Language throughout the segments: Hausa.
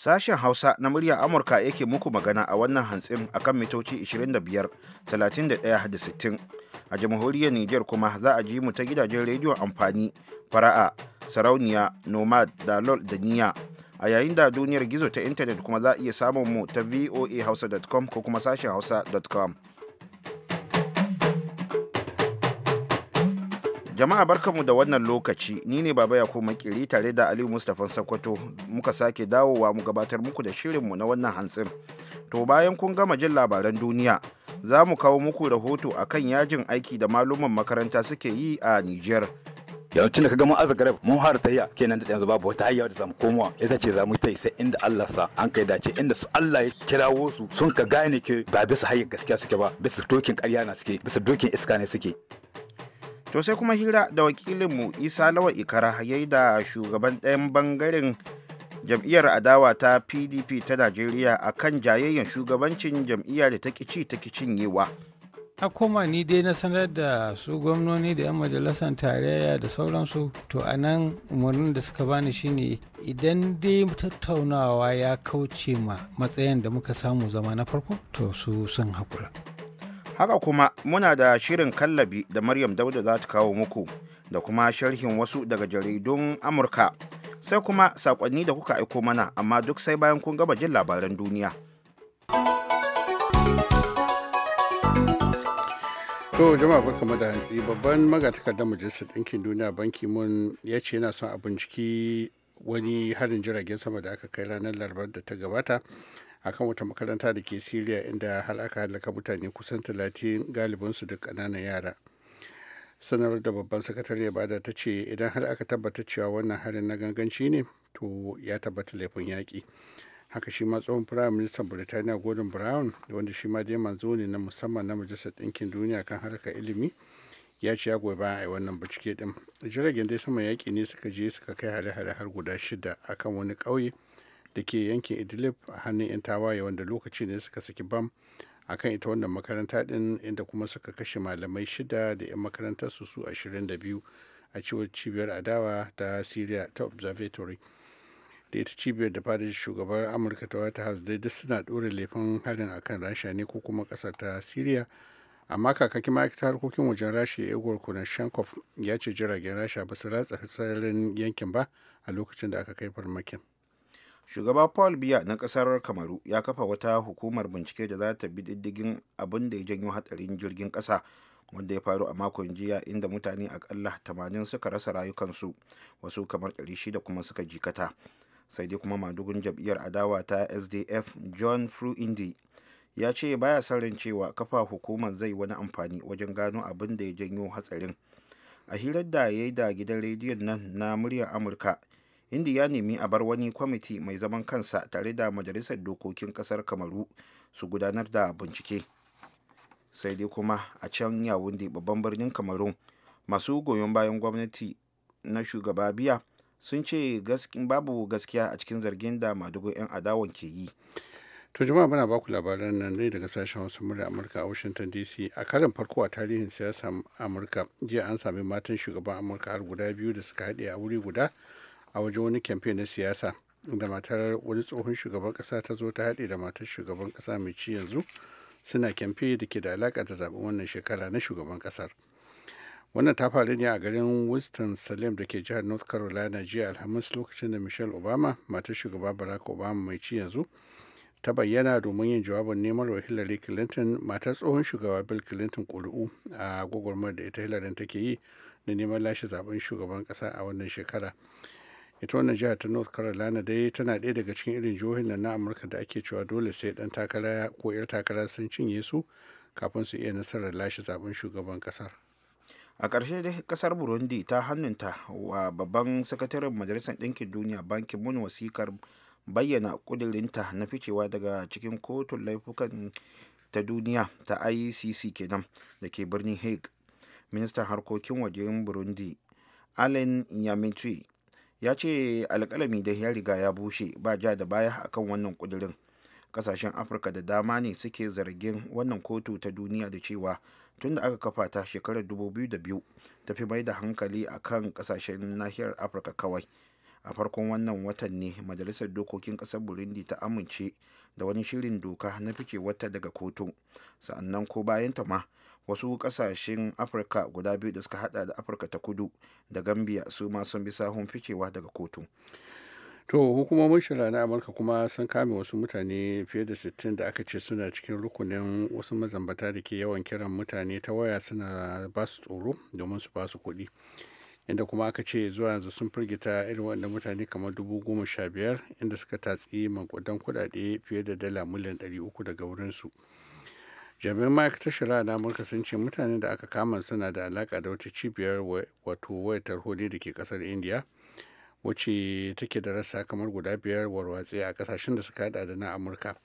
Sashen Hausa na muryar Amurka yake muku magana a wannan hantsin a kan mitoci 25, 31 da 60. A jamhuriyar Nijar kuma za a ji mu ta gidajen rediyon amfani, fara'a, sarauniya, nomad, dalol da niya. A yayin da duniyar gizo ta intanet kuma za a iya samun mu ta voahausa.com ko kuma sashen hausa.com. Jama'a barkanmu da wannan lokaci, ni ne Baba ya koma kiri tare da Aliyu Mustapha Sakwato muka sake dawowa mu gabatar muku da shirinmu na wannan hantsin. To bayan kun gama jin labaran duniya, za mu kawo muku rahoto kan yajin aiki da maluman makaranta suke yi a Nijar. tun da ka gama aza garab mun har tayya kenan da yanzu babu wata hanya da zamu komawa ita ce za mu ta sai inda Allah sa an kai dace inda su Allah ya kirawo su sun ka gane ke ba bisa hayyar gaskiya suke ba bisa dokin ƙarya na suke bisa dokin iska ne suke to sai kuma hira da wakilinmu isa lawan ikara yayi da shugaban ɗayan bangaren jam'iyyar adawa ta pdp ta najeriya a kan jayayyen shugabancin jam'iyya da ta kici ta cinyewa a koma ni dai na sanar da su gwamnoni da 'yan majalisar tarayya da sauransu to a nan umarnin da suka bani shine idan dai tattaunawa ya kauce ma matsayin da muka samu zama na farko to su sun haƙura haka kuma muna da shirin kallabi da maryam dauda za ta kawo muku da kuma sharhin wasu daga jaridun amurka sai kuma sakonni da kuka aiko mana amma duk sai bayan kun gaba jin labaran duniya to jama'a barka da hantsi babban magatakardar majalisar ɗinkin duniya banki mun ya ce yana son a binciki wani harin jiragen sama da aka kai ranar larabar da ta gabata akan wata makaranta da ke Siriya inda har aka halaka mutane kusan talatin galibinsu duk kananan yara. sanar da babban sakatare bada ta ce idan har aka tabbata cewa wannan harin na ganganci ne to ya tabbata laifin yaƙi haka shi ma tsohon firayim ministan burtaniya gordon brown wanda shi ma dai manzo ne na musamman na majalisar ɗinkin duniya kan harkar ilimi ya ce ya goyi bayan a yi wannan bincike din jiragen dai sama yaƙi ne suka je suka kai hare-hare har guda shida akan wani ƙauye da ke yankin idlib a hannun 'yan tawaye wanda lokaci ne suka saki bam a kan ita wannan makaranta din inda kuma suka kashe malamai shida da 'yan makarantar su su 22 a cewar cibiyar adawa ta syria ta observatory da ita cibiyar da fadar shugabar amurka ta white house dai duk suna ɗora laifin harin akan rasha ne ko kuma ƙasar ta syria amma kakakin ma'aikatar harkokin wajen rasha igor konashenkov ya ce jiragen rasha ba su ratsa sararin yankin ba a lokacin da aka kai farmakin shugaba paul biya na kasar kamaru ya kafa wata hukumar bincike da za ta bi diddigin abin da ya janyo hatsarin jirgin kasa wanda ya faru a makon jiya inda mutane akalla tamanin suka rasa rayukansu wasu kamar 600 kuma suka jikata sai dai kuma madugun jam'iyyar adawa ta sdf john fruindi ya ce baya son ran cewa kafa hukumar zai wani amfani wajen gano abin da ya janyo hatsarin a hirar da ya yi da gidan rediyon nan na muryar amurka inda ya nemi a bar wani kwamiti mai zaman kansa tare da majalisar dokokin kasar kamaru su gudanar da bincike sai dai kuma a can yawundi babban birnin kamarun masu goyon bayan gwamnati na shugaba biya sun ce babu gaskiya a cikin zargin da madugun 'yan adawan ke yi to jama'a muna baku labaran nan ne daga sashen wasu murya amurka a washington dc a karin farko a tarihin siyasa amurka jiya an sami matan shugaban amurka har guda biyu da suka haɗe a wuri guda a wajen wani kamfe na siyasa da matar wani tsohon shugaban kasa ta zo ta haɗe da matar shugaban kasa mai ci yanzu suna kyamfe da ke da alaƙa da zaɓen wannan shekara na shugaban ƙasar wannan ta faru ne a garin winston salem da ke jihar north carolina jiya alhamis lokacin da michelle obama matar shugaba barack obama mai ci yanzu ta bayyana domin yin jawabin neman wa hillary clinton matar tsohon shugaba bill clinton ƙuri'u a gwagwarmar da ita hillary take yi na neman lashe zaben shugaban ƙasa a wannan shekara ita wannan jihar ta north carolina dai tana ɗaya daga cikin irin jihohin nan na amurka da ake cewa dole sai ɗan takara ko 'yar takara sun cinye su kafin su iya nasarar lashe zaben shugaban ƙasar a ƙarshe dai ƙasar burundi ta hannunta wa babban sakataren majalisar ɗinkin duniya bankin mun wasikar bayyana ƙudurinta na ficewa daga cikin kotun laifukan ta duniya ta icc kenan da ke birnin hague ministan harkokin wajen burundi allen yamitri ya ce alkalami da ya riga ya bushe ba ja da baya akan wannan kudirin kasashen afirka da dama ne suke zargin wannan kotu ta duniya da cewa tun da aka kafa ta shekarar 2002 tafi mai da hankali a kan kasashen nahiyar afirka kawai a farkon wannan watan ne majalisar dokokin kasar burundi ta amince da wani shirin doka na fice wata daga kotu sa'annan ko bayan ta ma wasu kasashen afirka guda biyu da suka hada da afirka ta kudu da gambia su ma sun bi sahun ficewa daga kotu to hukumomin shirya na amurka kuma sun kame wasu mutane fiye da 60 da aka ce suna cikin rukunin wasu mazambata da ke yawan kiran mutane ta waya suna ba su tsoro domin su ba su kuɗi inda kuma aka ce zuwa yanzu sun firgita irin wanda mutane kamar dubu goma sha biyar inda suka tatsi mankudan kudade fiye da dala miliyan ɗari uku daga wurinsu. su jami'an ma'aikatar shari'a da amurka sun ce mutanen da aka kama suna da alaka da wata cibiyar wato wayar tarholi da ke kasar india wacce take da rasa kamar guda biyar warwatse a kasashen da suka hada da na amurka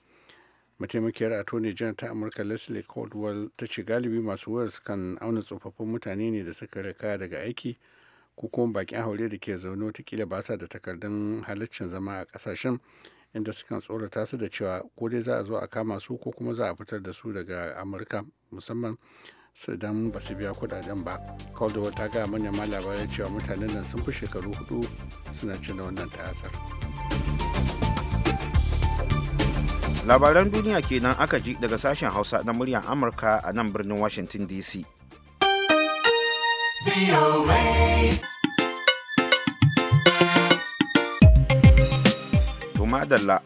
mataimakiyar attorney general ta amurka leslie caldwell ta ce galibi masu wayar kan auna tsofaffin mutane ne da suka rika daga aiki ko kuma bakin haure da ke zaune watakila ba sa da takardun halaccin zama a kasashen inda sukan tsorata su da cewa ko dai za a zo a kama su ko kuma za a fitar da su daga amurka musamman su dan ba su biya kudaden ba caldwell ta gaya ma labarai cewa mutanen nan sun fi shekaru hudu suna cin wannan ta'asar labaran duniya kenan aka ji daga sashen hausa na muryar amurka a nan birnin washington dc VOA. madalla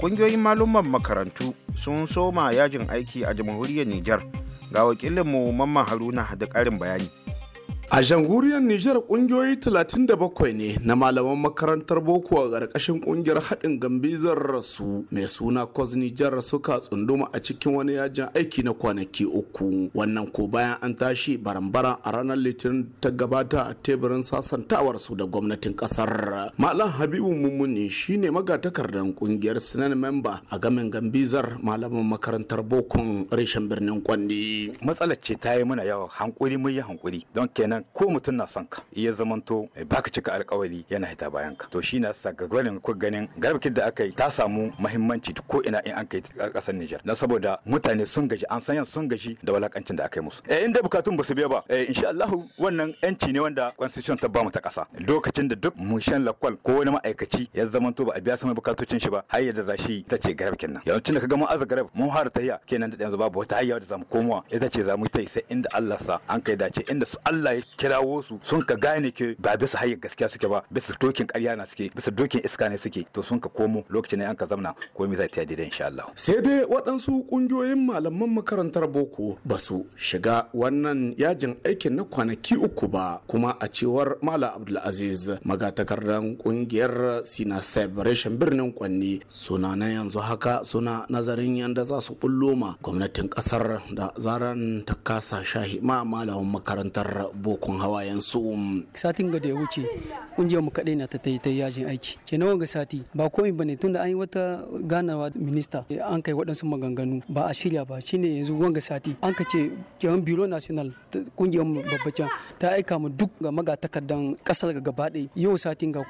kungiyoyin malumman makarantu sun soma yajin aiki a jamhuriyar niger ga wakilinmu mamman haruna da karin bayani A jamhuriyar Nijar kungiyoyi 37 ne na malaman makarantar boko a ƙarƙashin kungiyar haɗin gambizar rasu mai suna Kos Nijar suka tsunduma a cikin wani yajin aiki na kwanaki uku. Wannan ko bayan an tashi barambara a ranar Litinin ta gabata a teburin sasantawar su da gwamnatin ƙasar. Malam Habibu Mummuni shine magatakardan kungiyar Sinan memba a gamin gambizar malaman makarantar bokon reshen birnin Kwandi. Matsalar ce ta yi mana yawa hankuli mun yi hankuli. nan ko mutum na son ka iya zamanto baka cika alkawari yana hita bayan ka to shi na sa gagarin ku ganin garbakin da aka yi ta samu mahimmanci ko ina in an kai kasar Nijar na saboda mutane sun gaji an san sun gaji da walakancin da aka yi musu eh inda bukatun ba su biya ba eh insha Allah wannan yanci ne wanda constitution ta ba mu ta kasa lokacin da duk mushen lakwal ko wani ma'aikaci ya zamanto ba a biya sama bukatocin shi ba har yadda za shi ta ce garabkin nan yawancin da ka kaga mu aza garab mun har iya kenan da yanzu babu wata hayya da zamu komowa ita ce zamu ta sai inda Allah sa an kai dace inda su Allah ya kirawo su sun ka gane ke ba bisa hayyar gaskiya suke ba bisa dokin ƙarya na suke bisa dokin iska ne suke to sun ka komo lokacin an ka zamna komai zai ta daidai insha Allah sai dai waɗansu ƙungiyoyin malaman makarantar boko ba su shiga wannan yajin aikin na kwanaki uku ba kuma a cewar Malam Abdulaziz magatakardan ƙungiyar Sina Celebration birnin Kwanni suna na yanzu haka suna nazarin yanda za su bullo ma gwamnatin ƙasar da zaran ta kasa shahi ma malaman makarantar boko kokon hawayen su satin ga da ya wuce kungiyar mu kadai na ta tayi ta yajin aiki kenan ga sati ba komai bane tunda an yi wata ganawa minista an kai waɗansu maganganu ba a shirya ba shine yanzu wanga sati an ka ce kewan biro national kungiyar mu babbacan ta aika mu duk ga takardan kasar ga gaba yau satin ga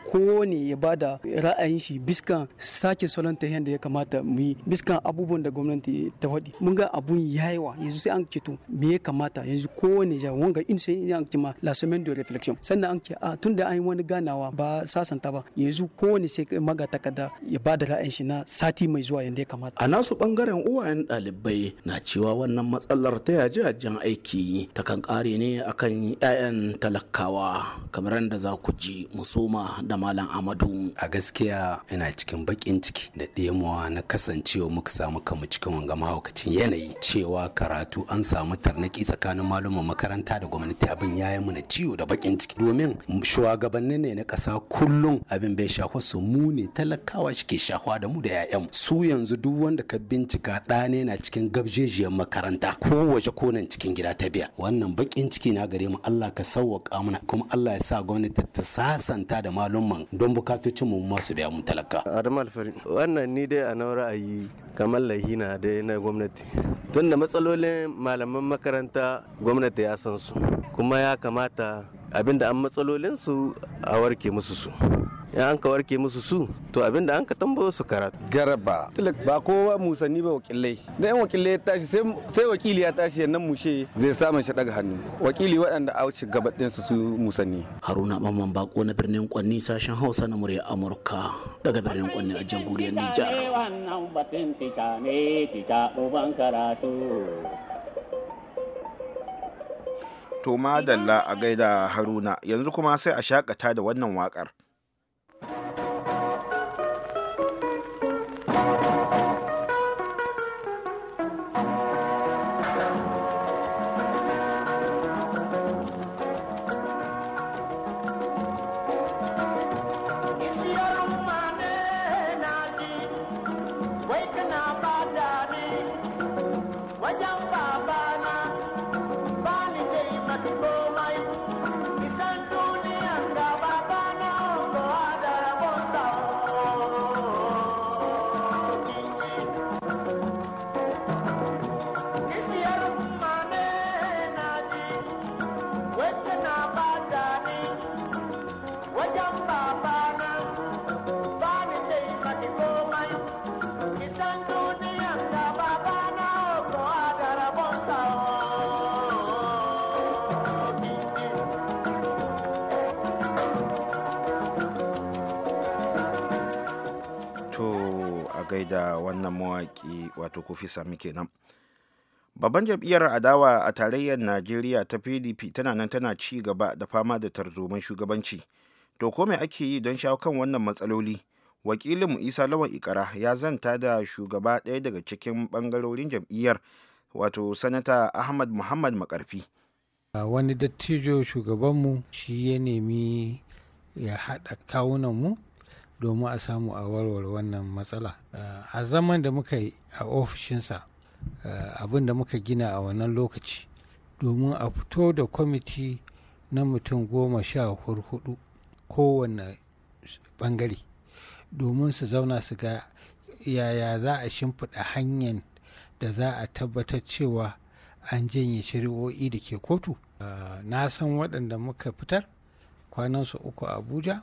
ne ya bada ra'ayin shi biskan sake salon ta yadda ya kamata mu yi biskan abubuwan da gwamnati ta faɗi mun ga abun yayawa yanzu sai an ceto me ya kamata yanzu ne ja wanga in sai an ake ma la semaine de réflexion sannan an ke a ah, tunda an yi wani ganawa ba sasanta ba yanzu kowane sai maga takarda ya ba da ra'ayin shi na sati mai zuwa yanda ya kamata a nasu bangaren uwayen ɗalibai na cewa wannan matsalar ta yaji ajiyar aiki ta kan kare ne akan 'ya'yan talakawa kamar da za ku ji musoma da malam amadu a gaskiya ina cikin bakin ciki da ɗemawa na kasancewa muka samu kamu cikin wanga mahaukacin yanayi cewa karatu an samu tarnaki tsakanin malumin makaranta da gwamnati abin ya ya yi mana ciwo da bakin ciki domin shugabanni ne na ƙasa kullum abin bai shafa su mu ne talakawa shike shafa da mu da 'ya'yan su yanzu duk wanda ka bincika ɗa ne na cikin gabjejiyar makaranta ko waje konan cikin gida ta biya wannan bakin ciki na gare mu Allah ka sauwaka mana kuma Allah ya sa gwamnati ta sasanta da malumman don bukatocin mu masu biya mu talaka Adam Alfari wannan ni dai a na ra'ayi kamar lahina dai na gwamnati tunda matsalolin malaman makaranta gwamnati ya san su kuma ya ya kamata abinda an matsalolinsu a warke musu su ya an ka warke musu su to abinda an ka tambayo su karatu garaba ba kowa musanni ba wakilai da yan wakilai ya tashi sai wakili ya tashi ya nan mushe zai samun shi daga hannu wakili waɗanda a wuce gabaɗin su su musani haruna mamman bako na birnin kwanni sashen hausa na murya amurka daga birnin kwanni a jamhuriyar nijar wannan batun tika ne tika karatu To madalla a gaida Haruna, yanzu kuma sai a shakata da wannan waƙar. kai da wannan mawaƙi wato kofi sami kenan babban jam'iyyar adawa a tarayyar najeriya ta pdp tana nan tana ci gaba da fama da tarzoman shugabanci to ko me ake yi don shawo kan wannan matsaloli wakilin mu isa lawan ikara ya zanta da shugaba ɗaya daga cikin bangarorin jam'iyyar wato sanata ahmad muhammad makarfi wani dattijo shugabanmu shi ya nemi ya haɗa kawunanmu domin a samu a warware wannan matsala eh, a zaman da muka yi a ofishinsa eh, abin da muka gina a wannan lokaci domin a fito da kwamiti na mutum goma sha hudu kowane bangare domin su zauna su ga yaya za a shimfiɗa hanyar da za a tabbatar cewa an janye shari'o'i da ke kotu eh, na san waɗanda muka fitar kwanan kwanansu uku a abuja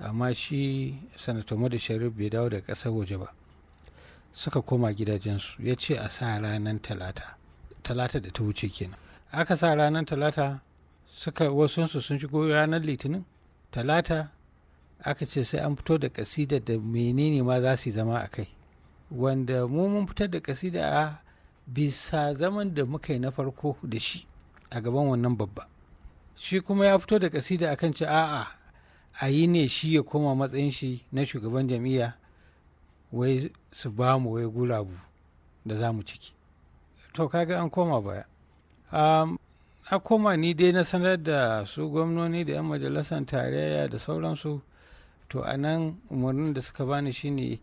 amma shi sanata da sharif bai dawo da ƙasar waje ba suka koma gidajensu ya ce a sa ranar talata talata da ta wuce kenan aka sa ranar talata suka wasu sun shigo ranar litinin talata aka ce sai an fito da kasida da menene ma za su zama a kai wanda mu mun fitar da kasida a bisa zaman da muka yi na farko da shi a gaban wannan babba shi kuma ya fito da kasida akan ce a'a a yi ne shi ya koma matsayin shi na shugaban jam'iyya wai su ba mu wai gulabu da za mu ciki to kaga an koma baya a koma ni dai na sanar da su gwamnoni da 'yan majalisar tarayya da sauransu to a nan umarnin da suka bani shine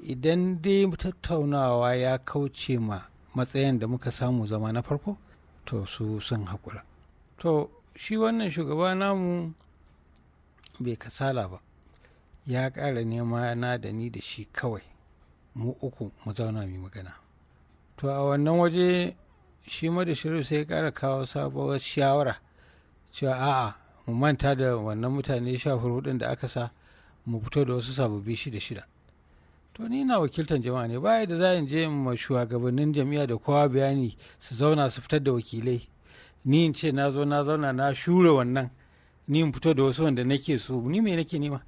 idan dai tattaunawa ya kauce ma matsayin da muka samu zama na farko to su sun haƙura to shi wannan shugaba namu bai kasala ba ya ƙara nema na da ni da shi kawai mu uku mu zauna mai magana to a wannan waje shi da madashiru sai ya ƙara kawo sabuwar shawara cewa a'a mu manta da wannan mutane sha hudun da aka sa mu fito da wasu sababbi shida shida to ni na wakiltar jama'a ne baya da za in je ma shugabannin jami'a da kowa bayani su zauna su fitar da wakilai ni in ce na zo na zauna na shure wannan ni in fito da wasu wanda nake so ni me nake nema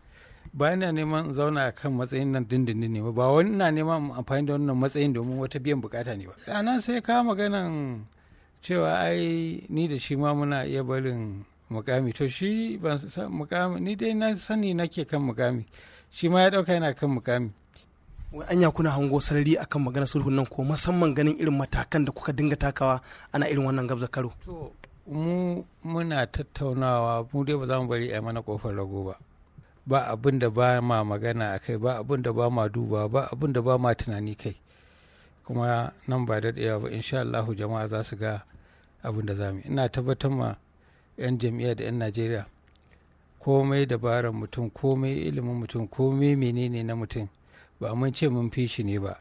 ba ina neman zauna a kan matsayin nan dindindin ne ba wani ina neman amfani da wannan matsayin domin wata biyan bukata ne ba a nan sai ka maganan cewa ai ni da shi ma muna iya barin mukami to shi ban san mukami ni dai na sani nake kan mukami shi ma ya dauka yana kan mukami wai anya kuna hango sarari akan maganar sulhun nan ko musamman ganin irin matakan da kuka dinga takawa ana irin wannan gabza to mu muna tattaunawa mu dai ba za mu bari a mana kofar rago ba ba abin da ba ma magana a kai ba abin da ba ma duba ba abin da ba ma tunani kai kuma nan ba daɗewa ba insha Allahu jama'a za su ga abin da za ina tabbatar ma 'yan jami'a da 'yan najeriya komai dabarar mutum komai ilimin mutum komai menene na mutum ba mun ce mun fi shi ne ba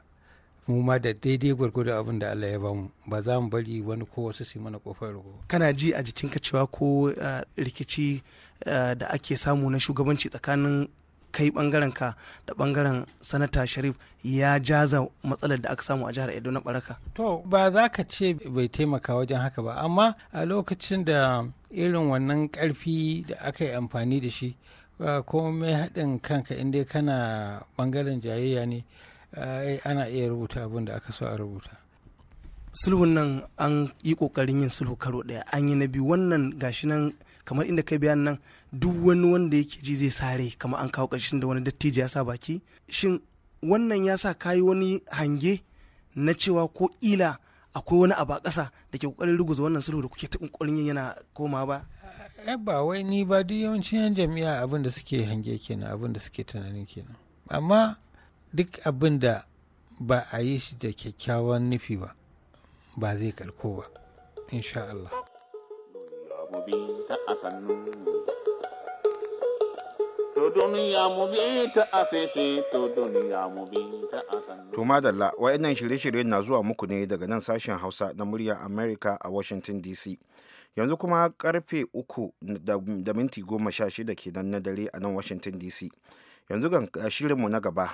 mu ma da daidai gwargwado abin da Allah ya mu ba za mu bari wani ko wasu su mana kofar rugo kana ji a jikin ka cewa ko eh, rikici eh, da ake samu na shugabanci tsakanin kai bangaren ka da bangaren sanata sharif ya jaza matsalar da aka samu a jihar edo na baraka to ba za ka ce bai taimaka wajen haka ba amma a lokacin da irin wannan karfi da aka yi amfani da shi eh, ko mai haɗin kanka inda kana bangaren jayayya ne Eh, ana iya rubuta abin da aka so a rubuta sulhun nan an yi kokarin yin sulhu karo daya an yi na biyu wannan gashi nan kamar inda kai bayan nan duk wani wanda yake ji zai sare kamar an kawo ƙarshen da wani dattijo ya sa baki shin wannan ya sa kayi wani hange na cewa ko ila akwai wani abu a ƙasa da ke ƙoƙarin ruguza wannan sulhu da kuke ta yin yana koma ba eh, ba wai ni ba duk yawancin yan jami'a abin da suke hange kenan abin da suke tunanin kenan amma duk abin da ba a yi shi da kyakkyawan nufi ba ba zai karko ba insha Allah. To duniya mu bi madalla wayannan shirye-shiryen na zuwa muku ne daga nan sashen Hausa na muryar America a Washington DC. Yanzu kuma karfe uku da minti goma sha shida kenan na dare a nan Washington DC. Yanzu ga shirinmu na gaba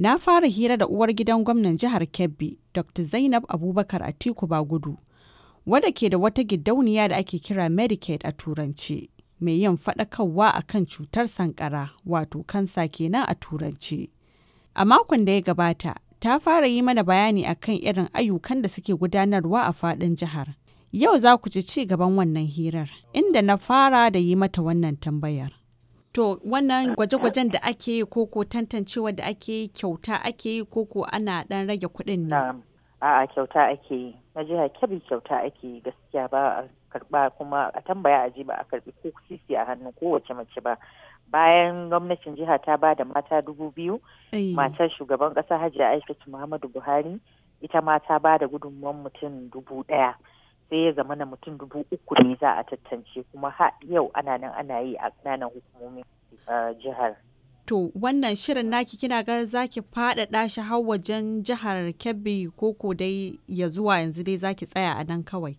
Na fara hira da uwar gidan gwamnan jihar Kebbi, Dr. Zainab Abubakar Atiku Gudu, wadda ke da wata gidauniya da ake kira Medicaid a Turanci, mai yin faɗakarwa a kan cutar sankara, wato kansa kenan a Turanci". A makon da ya gabata, ta fara yi mana bayani a kan irin ayyukan da suke gudanarwa a faɗin jihar. Yau za ku ci gaban wannan hirar, inda na fara da yi mata wannan tambayar. To wannan gwaje-gwajen da ake yi koko tantancewa da ake yi kyauta ake yi koko ana dan rage kuɗin ne? A'a kyauta ake yi. Na jiha kyabi kyauta ake yi gaskiya ba a karba kuma a tambaya a ji ba a karbi ko sisi a hannu ko kowace mace ba. Bayan gwamnatin jiha ta ba da mata dubu biyu, matar shugaban ƙasa Hajiya Aisha Muhammadu Buhari ita ma ta ba da gudunmuwan mutum dubu ɗaya. sai ya zama na mutum dubu uku ne za a tattance kuma ha yau ana nan ana yi a ƙananan hukumomin eh, jihar. To wannan shirin naki kina ga zaki faɗaɗa shi har wajen jihar Kebbi ko dai ya zuwa yanzu dai zaki tsaya a nan kawai.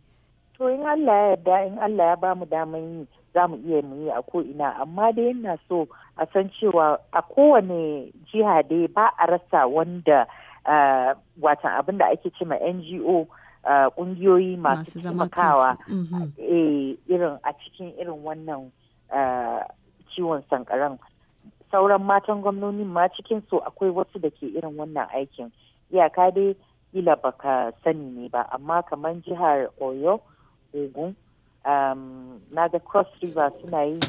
To in Allah ya yarda in Allah ya bamu daman yi za mu iya mu yi a ina amma dai ina so a san cewa a kowane jiha dai ba a rasa wanda eh, watan abin da ake ce ma NGO Uh, kungiyoyi masu taimakawa mm-hmm. eh, irin a cikin irin wannan uh, ciwon sankaran sauran matan gwamnoni ma cikin su akwai wasu da ke irin wannan aikin iyaka dai kila baka sani ne ba amma kamar jihar oyo ogun um, na ga cross river suna yi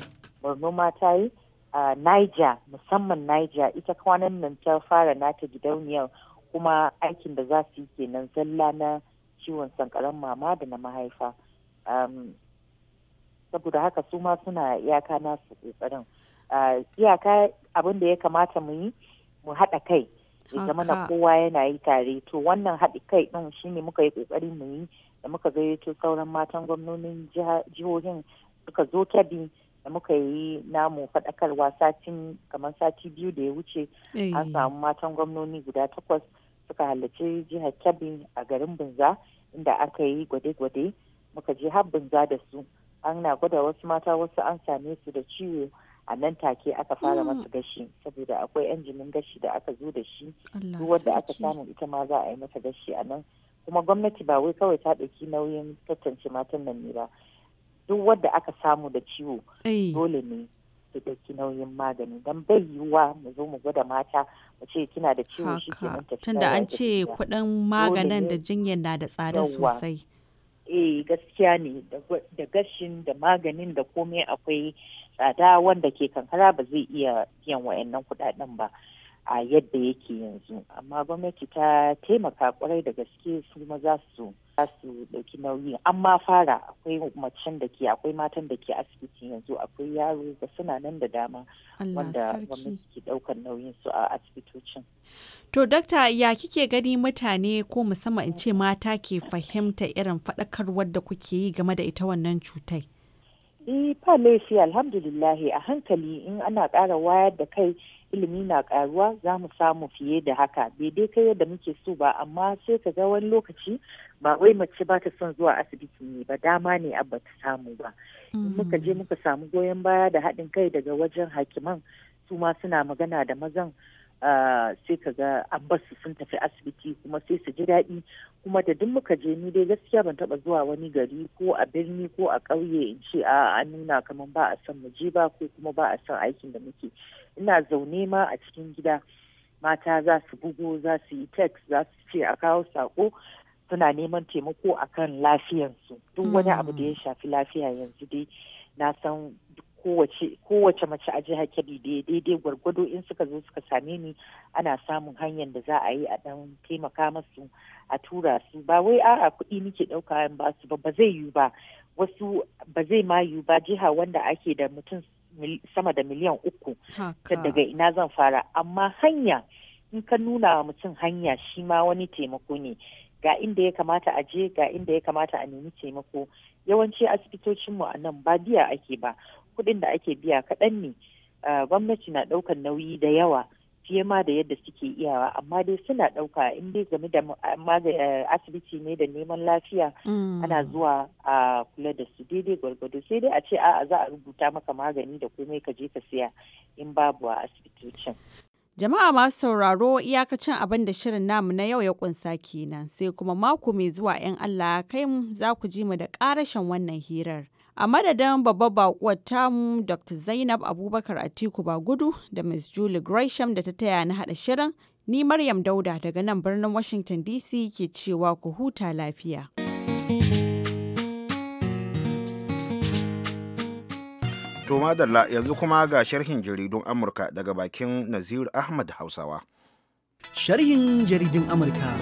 borno mata ta yi uh, niger musamman niger ita kwanan nan ta fara nata gidauniyar kuma aikin da za su yi kenan zalla na ciwon sankaran mama da na mahaifa um, saboda haka su ma suna iyaka nasu kokarin iyaka abin da ya kamata mu yi mu haɗa kai ya mana kowa yana yi tare to wannan haɗi kai ɗin shine muka yi kokari mu yi da muka gayyato sauran matan gwamnonin jihohin suka zo tabi da muka yi namu faɗakarwa satin kamar sati biyu da ya wuce an eh. samu matan gwamnoni guda takwas suka halarci jihar kebbi a garin binza inda aka yi gwade-gwade muka je har bunza da su ana gwada wasu mata wasu an same su da ciwo a nan take aka fara mm. masu gashi saboda akwai yan gashi da aka zo da shi duk wanda aka samu ita ma za a yi masa gashi a nan kuma gwamnati ba wai kawai ta ɗauki nauyin tantance matan nan ne ba duk wanda aka samu da ciwo dole ne su ɗauki nauyin magani don bai yiwuwa mu zo mu gwada mata mu ce kina da ciwo shi ke an ce kuɗin maganin da jinyar na da tsada sosai eh gaskiya ne da gashin da maganin da komai akwai tsada wanda ke kankara ba zai iya biyan wayannan kuɗaɗen ba a yadda yake yanzu amma gwamnati ta taimaka kwarai da gaske su maza su za su ɗauki nauyin amma fara akwai macen da ke akwai matan da ke asibiti yanzu akwai yaro da suna nan da dama wanda gwamnati ke ɗaukar nauyin su a asibitocin. To dakta ya kike gani mutane ko musamman in ce mata ke fahimta irin faɗakarwar da kuke yi game da ita wannan cutai? Eh fa laifi alhamdulillahi a hankali in ana ƙara wayar da kai ilimi na karuwa za mu samu fiye da haka bai dai kai yadda muke so ba amma sai ka ga wani lokaci ba wai mace ba ta son zuwa asibiti ne ba dama ne abba ta samu ba in mm. muka je muka samu goyon baya da haɗin kai daga wajen hakiman su ma suna magana da mazan sai ka ga an su sun tafi asibiti kuma sai su ji daɗi kuma da duk muka je ni dai gaskiya ban taɓa zuwa wani gari ko a birni ko a ƙauye in ce a an nuna kamar ba a son muje ba ko kuma ba a son aikin da muke ina zaune ma a cikin gida mata za su bugo za su yi text za su ce a kawo sako suna neman taimako akan su duk wani abu da ya hmm. shafi lafiya yanzu dai na san kowace kowace mace a jihar Kebbi daidai gwargwado in suka zo suka same ni ana samun hanyar da za a yi a dan taimaka masu a tura su ba wai a'a kuɗi nike ɗauka yan ba su ba ba zai yiwu ba wasu ba zai ma yiwu ba jiha wanda ake da mutum sama da miliyan uku daga ina zan fara amma hanya in ka nuna wa mutum hanya shi ma wani taimako ne ga inda ya kamata a je ga inda ya kamata a nemi taimako yawanci asibitocinmu a nan ba biya ake ba kudin da ake biya kaɗan ne gwamnati na ɗaukar nauyi da yawa fiye ma da yadda suke iyawa amma dai suna ɗauka in dai game da eh, asibiti ne da neman lafiya mm. ana zuwa a kula da su daidai gwargwado sai dai a ce a'a za a rubuta maka magani da komai ka je ka siya in babu a asibitocin Jama'a masu sauraro iyakacin abin da shirin namu na yau ya kunsa kenan sai kuma mako mai zuwa 'yan Allah kai mu za ku ji mu da ƙarashen wannan hirar. a madadin babbar bakuwar tamu dr zainab abubakar atiku bagudu da ms julie gresham da ta taya na hada shirin ni maryam dauda daga nan birnin washington dc ke cewa ku huta lafiya to madalla yanzu kuma ga sharhin jaridun amurka daga bakin nazir ahmad hausawa sharhin jaridun amurka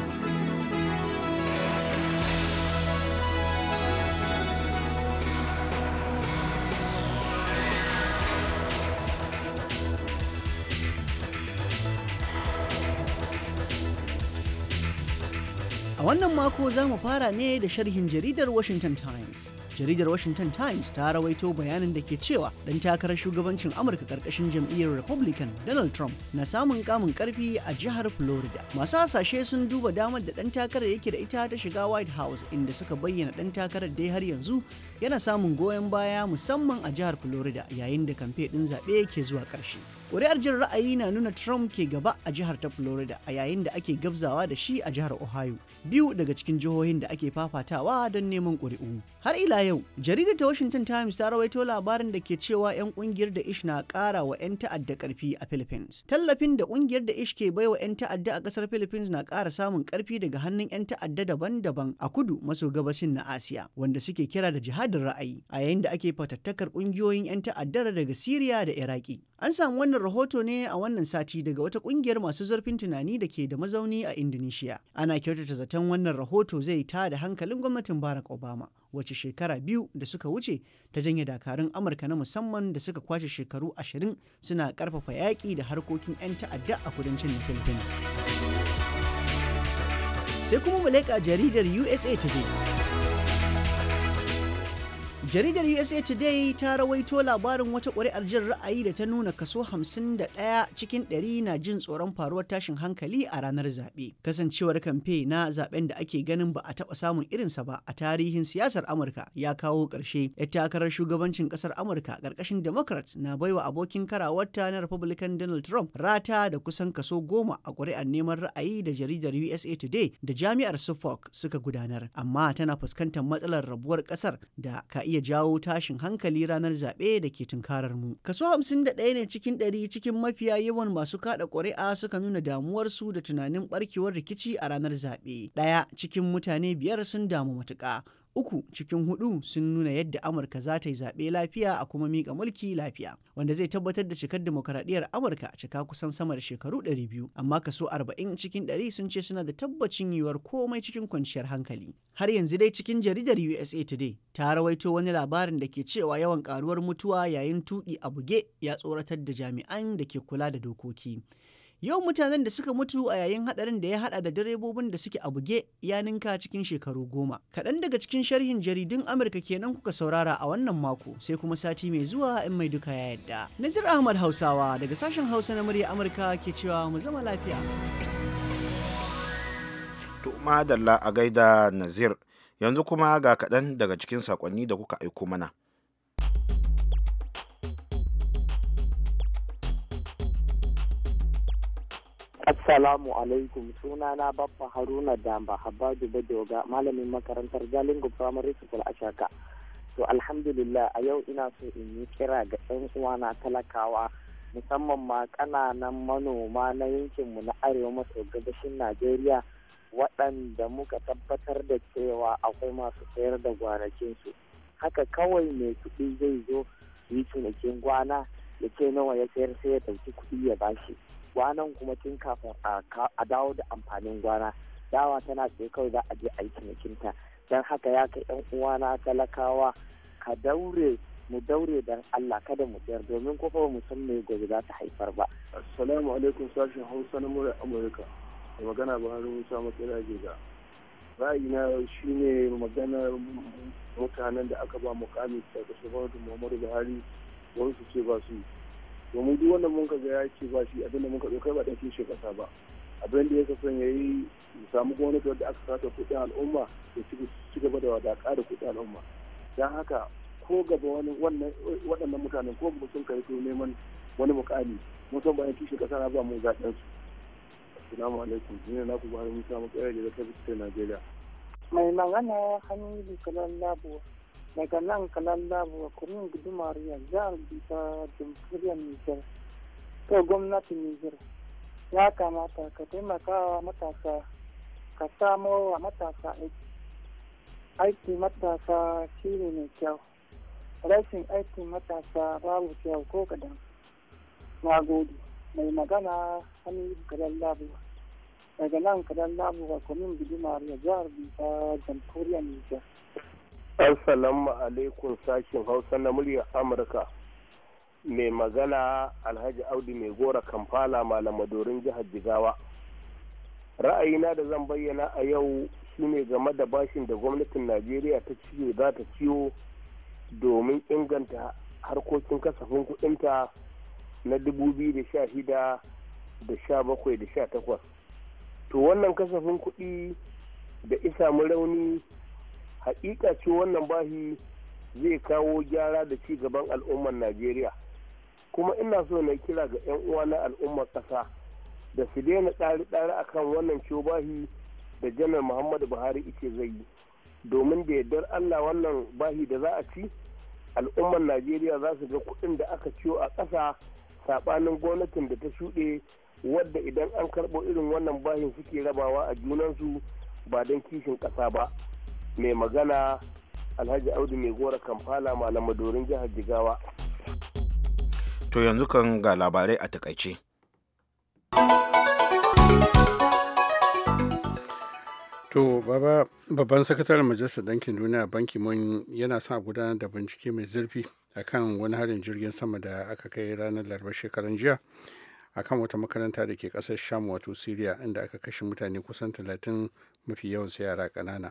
wannan mako za mu fara ne da sharhin jaridar Washington Times. Jaridar Washington Times ta rawaito bayanin da ke cewa ɗan takarar shugabancin Amurka ƙarƙashin jam'iyyar Republican Donald Trump na samun kamun ƙarfi a jihar Florida. Masu hasashe sun duba damar da ɗan takarar yake da ita ta shiga White House inda suka bayyana ɗan takarar dai har yanzu yana samun goyon baya musamman a jihar Florida yayin da kamfe ɗin zaɓe ke zuwa ƙarshe. Ƙuri'ar jin ra'ayi na nuna Trump ke gaba a jihar ta Florida a yayin da ake gabzawa da shi a jihar Ohio, biyu daga cikin jihohin da ake fafatawa don neman ƙuri'u. Har ila yau, jaridar ta Washington Times ta rawaito labarin da ke cewa 'yan ƙungiyar da ish na ƙara wa 'yan ta'adda karfi a Philippines. Tallafin da ƙungiyar da ish ke baiwa 'yan ta'adda a ƙasar Philippines na kara samun karfi daga hannun 'yan ta'adda daban-daban a kudu maso gabashin na Asiya, wanda suke kira da jihadin ra'ayi, a yayin da ake fatattakar ƙungiyoyin 'yan ta'addar daga Siriya da Iraki. An samu wannan wannan rahoto ne a wannan sati daga wata kungiyar masu zurfin tunani da ke da mazauni a Indonesia. Ana kyautata zaton wannan rahoto zai ta da hankalin gwamnatin Barack Obama, wacce shekara biyu da suka wuce ta janye dakarun Amurka na musamman da suka kwashe shekaru ashirin suna karfafa yaƙi da harkokin 'yan ta'adda a kudancin Philippines. Sai kuma mu leƙa jaridar USA Today. jaridar usa today ta rawaito labarin wata ƙuri'ar jin ra'ayi da ta nuna kaso 51 cikin 100 na jin tsoron faruwar tashin hankali a ranar zaɓe kasancewar kamfe na zaɓen da ake ganin ba a taɓa samun irinsa ba a tarihin siyasar amurka ya kawo ƙarshe ya takarar shugabancin ƙasar amurka ƙarƙashin democrats na baiwa abokin karawarta na republican donald trump rata da kusan kaso goma a ƙuri'ar neman ra'ayi da jaridar usa today da jami'ar suffolk suka gudanar amma tana fuskantar matsalar rabuwar ƙasar da ka iya iya jawo tashin hankali ranar zaɓe da ke tunkarar mu. Kaso hamsin da ɗaya ne cikin ɗari cikin mafiya yawan masu kaɗa ƙuri'a suka nuna damuwarsu da tunanin ɓarkewar rikici a ranar zaɓe. Ɗaya cikin mutane biyar sun damu matuƙa. uku cikin hudu sun nuna yadda amurka za ta yi zaɓe lafiya a kuma miƙa mulki lafiya wanda zai tabbatar da cikar demokaradiyyar amurka cika kusan sama da shekaru 200 amma kaso 40 cikin 100 sun ce suna da tabbacin yiwuwar komai cikin kwanciyar hankali har yanzu dai cikin jaridar usa today ta rawaito wani labarin da ke cewa yawan karuwar mutuwa yayin tuki a buge ya tsoratar da jami'an da ke kula da dokoki Yawan mutanen da suka mutu a yayin hadarin da ya hada da direbobin da suke a buge ya ninka cikin shekaru goma. Kaɗan daga cikin sharhin jaridun Amurka kenan kuka saurara a wannan mako sai kuma sati mai zuwa in mai duka ya yadda. Nazir Ahmad Hausawa daga sashen Hausa na murya Amurka ke cewa mu zama lafiya. To madalla a gaida Nazir yanzu kuma ga kaɗan daga cikin saƙonni da kuka aiko mana. Assalamu alaikum sunana babba Haruna Damba habadu Bajoga malamin makarantar Jalingo Primary School a Shaka. To alhamdulillah a yau ina so in yi kira ga 'yan uwana talakawa musamman ma ƙananan manoma na yankinmu na arewa maso gabashin Najeriya waɗanda muka tabbatar da cewa akwai masu sayar da su Haka kawai mai kuɗi zai zo yi cinikin gwana ya ce nawa ya sayar sai ya ɗauki kuɗi ya bashi. gwanan kuma tun kafin a dawo da amfanin gwana dawa tana sai kawai za a je aikin kinta don haka ya kai yan uwana talakawa ka daure mu daure don Allah kada mu tsayar domin ko fa mu san me gobe za ta haifar ba assalamu alaikum sashen Hausa na murar Amurka da magana Buhari Musa ra'ayi na ra'ayina shine maganar mutanen da aka ba mukami daga shugaban Muhammadu Buhari wani su ce ba su yi domin duk wanda mun ga ya ce ba shi abinda mun ka kai ba dan kishin kasa ba abin da ya kasan ya yi samu gwamnati wadda aka sata kuɗin al'umma da ci gaba da wadaƙa da kuɗin al'umma don haka ko gaba wani waɗannan mutanen ko mu sun kai neman wani mukami mun san bayan kishin kasa na ba mu zaɓen su assalamu alaikum ni ne naku Buhari samu Makayar da ta Najeriya mai magana da Kalan Labuwa daga nan kanan labuwa kumin gudumar ya jihar bisa jamhuriyar nijar to gwamnatin nijar ya kamata ka taimaka wa matasa ka samo wa matasa aiki aiki matasa shine ne mai kyau rashin aikin matasa babu kyau ko kadan na gode mai magana hannu kadan labuwa daga nan kadan labuwa kumin gudumar ya jihar bisa jamhuriyar nijar Assalamu alaikum sashin Hausa na muryar Amurka. Mai magana Alhaji Audu mai gora Kampala malamadorin jihar Jigawa. Ra'ayina da zan bayyana a yau shine game da bashin da gwamnatin Najeriya ta ciye za ta ciyo domin inganta harkokin kasafin kudinta na 2016 da 17 da sha 18. To wannan kasafin kuɗi da isa mu rauni hakika ce wannan bahi zai kawo gyara da ci gaban al'ummar najeriya kuma ina so na kira ga 'yan uwa na al'ummar ƙasa da su daina tsari-tsari tsari akan wannan ciwo bahi da janar muhammadu buhari ike zai yi domin da yardar allah wannan bahi da za a ci al'ummar najeriya za su ga kuɗin da aka ciwo a ƙasa saɓanin gwamnatin da ta shuɗe wadda idan an karɓo irin wannan bahin suke rabawa a junansu ba don kishin ƙasa ba mai magana alhaji audu mai gora kamfala malam madorin jihar jigawa to yanzu kan ga labarai a takaice to baba babban sakataren majalisar dankin duniya banki mun yana sa gudanar da bincike mai zurfi kan wani harin jirgin sama da aka kai ranar larabar shekaran jiya akan wata makaranta da ke kasar sham wato syria inda aka kashe mutane kusan 30 mafi yawan yara ƙanana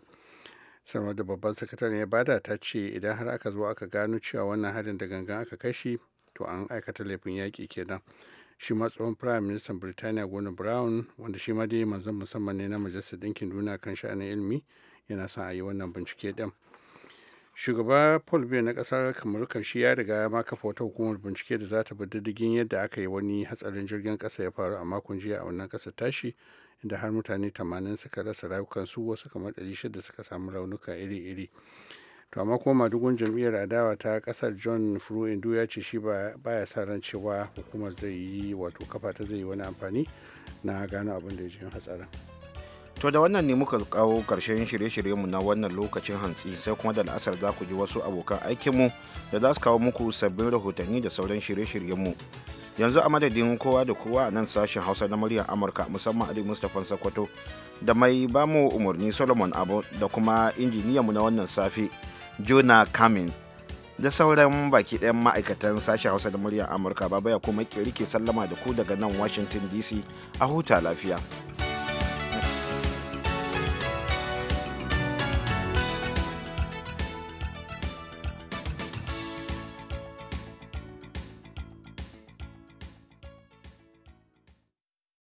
sanarwar da babban sakataren ya bada ta ce idan har aka zo aka gano cewa wannan harin da gangan aka kashe to an aikata laifin yaƙi kenan shi ma tsohon prime minister birtaniya gordon brown wanda shi ma dai manzon musamman ne na majalisar ɗinkin duniya kan sha'anin ilimi yana son a yi wannan bincike ɗin shugaba paul biya na kasar kamar shi ya riga ma kafa wata hukumar bincike da za ta bi diddigin yadda aka yi wani hatsarin jirgin kasa ya faru a makon jiya a wannan ƙasar tashi inda har mutane 80 suka rasa rayukansu wasu kamar 600 suka samu raunuka iri-iri to amma kuma madugun jam'iyyar adawa ta kasar john fruindu ya ce shi ba ya sa ran cewa hukumar zai yi wato kafa ta zai yi wani amfani na gano abin da ya jin hatsarin to da wannan ne muka kawo karshen shirye-shiryenmu na wannan lokacin hantsi sai kuma da la'asar za ku ji wasu abokan aikinmu da za su kawo muku sabbin rahotanni da sauran shirye-shiryenmu yanzu a madadin kowa da kowa a nan sashen hausa na muryar amurka musamman ali mustapha sokoto da mai bamu umarni solomon abu da kuma injiniyanmu na wannan safe jona cummins da sauran baki ɗayan ma'aikatan sashen hausa da muryar amurka baba ya kuma ke sallama da ku daga nan washington dc a huta lafiya.